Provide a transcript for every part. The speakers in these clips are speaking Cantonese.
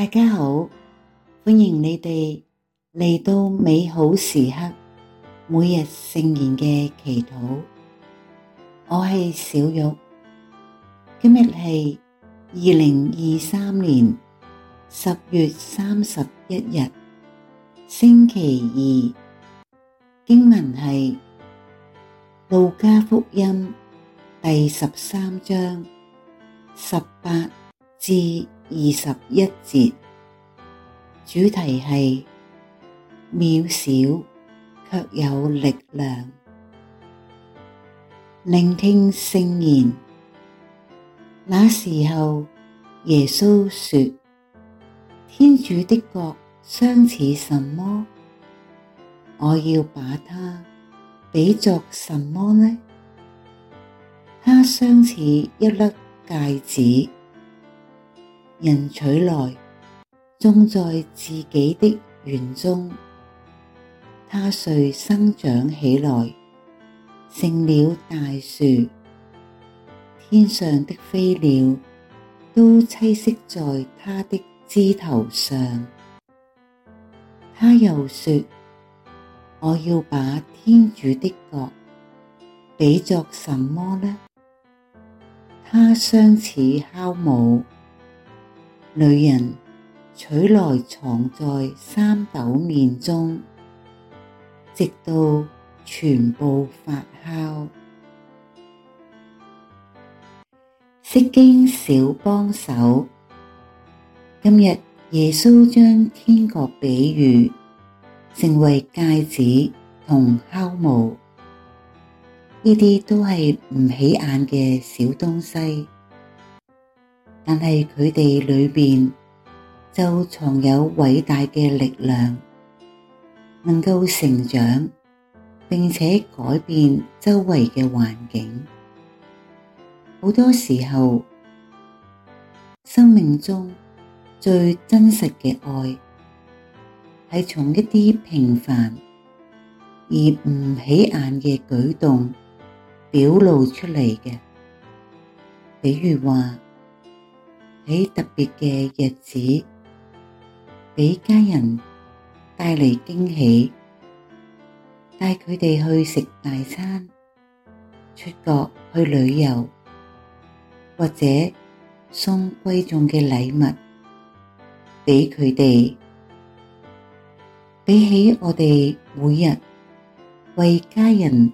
大家好，歡迎你哋嚟到美好時刻，每日聖言嘅祈禱。我係小玉，今日係二零二三年十月三十一日，星期二。經文係路加福音第十三章十八至。二十一節，主題係渺小卻有力量。聆聽聖言，那時候耶穌說：天主的國相似什麼？我要把它比作什麼呢？它相似一粒芥子。人取來種在自己的園中，它遂生長起來，成了大樹。天上的飛鳥都棲息在它的枝頭上。他又說：“我要把天主的國比作什麼呢？它相似酵母。”女人取來藏在三斗麵中，直到全部發酵。釋經小幫手，今日耶穌將天國比喻成為芥子同酵母，呢啲都係唔起眼嘅小東西。但係佢哋裏邊就藏有偉大嘅力量，能夠成長，並且改變周圍嘅環境。好多時候，生命中最真實嘅愛，係從一啲平凡而唔起眼嘅舉動表露出嚟嘅，比如話。喺特別嘅日子，畀家人帶嚟驚喜，帶佢哋去食大餐、出國去旅遊，或者送貴重嘅禮物畀佢哋。比起我哋每日為家人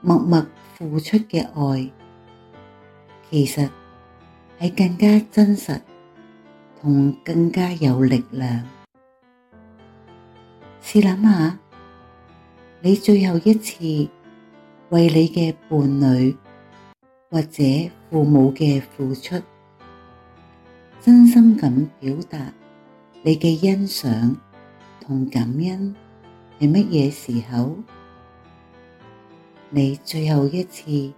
默默付出嘅愛，其實。係更加真實，同更加有力量。試諗下，你最後一次為你嘅伴侶或者父母嘅付出，真心咁表達你嘅欣賞同感恩，係乜嘢時候？你最後一次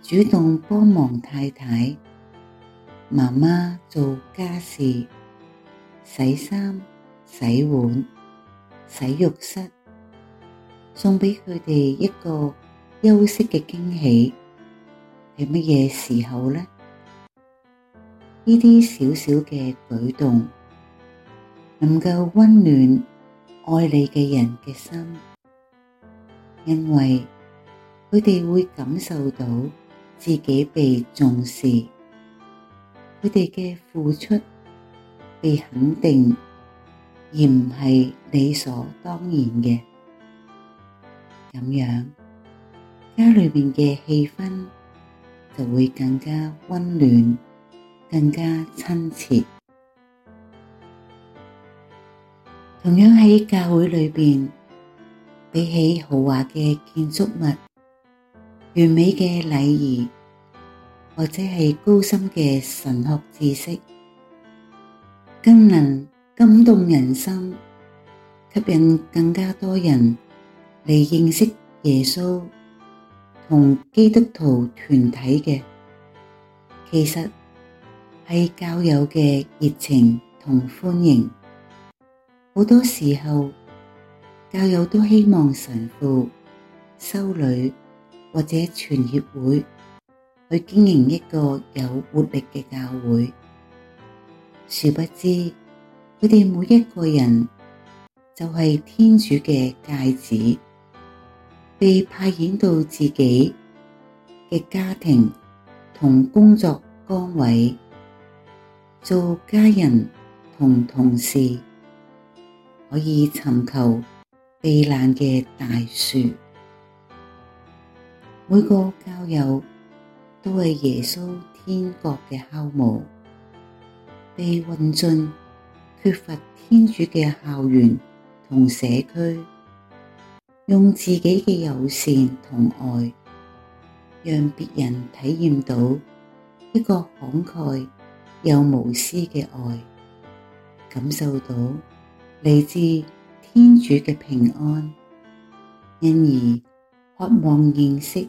主動幫忙太太，媽媽做家事，洗衫、洗碗、洗浴室，送畀佢哋一個休息嘅驚喜，係乜嘢時候呢？呢啲小小嘅舉動，能夠溫暖愛你嘅人嘅心，因為佢哋會感受到自己被重視。佢哋嘅付出被肯定，而唔係理所當然嘅，咁樣，家裏邊嘅氣氛就會更加溫暖，更加親切。同樣喺教會裏邊，比起豪華嘅建築物、完美嘅禮儀。或者係高深嘅神學知識，更能感動人心，吸引更加多人嚟認識耶穌同基督徒團體嘅。其實係教友嘅熱情同歡迎，好多時候教友都希望神父、修女或者傳協會。去經營一個有活力嘅教會，殊不知佢哋每一個人就係天主嘅芥子，被派遣到自己嘅家庭同工作崗位，做家人同同事，可以尋求避難嘅大樹。每個教友。都係耶穌天國嘅酵母，被混進缺乏天主嘅校園同社區，用自己嘅友善同愛，讓別人體驗到一個慷慨又無私嘅愛，感受到嚟自天主嘅平安，因而渴望認識。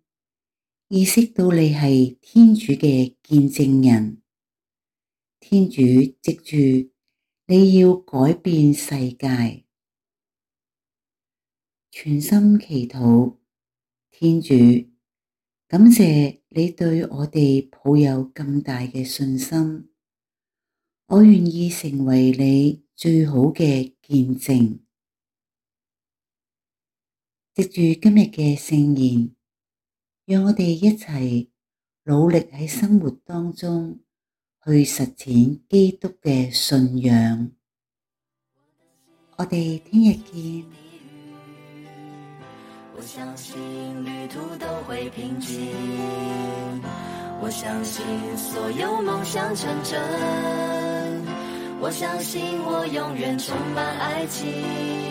意識到你係天主嘅見證人，天主藉住你要改變世界，全心祈禱，天主感謝你對我哋抱有咁大嘅信心，我願意成為你最好嘅見證，藉住今日嘅聖言。讓我哋一齊努力喺生活當中去實踐基督嘅信仰。我哋聽日見。我相信旅途都會平靜。我相信所有夢想成真。我相信我永遠充滿愛情。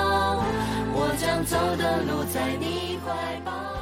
想走的路，在你懷抱。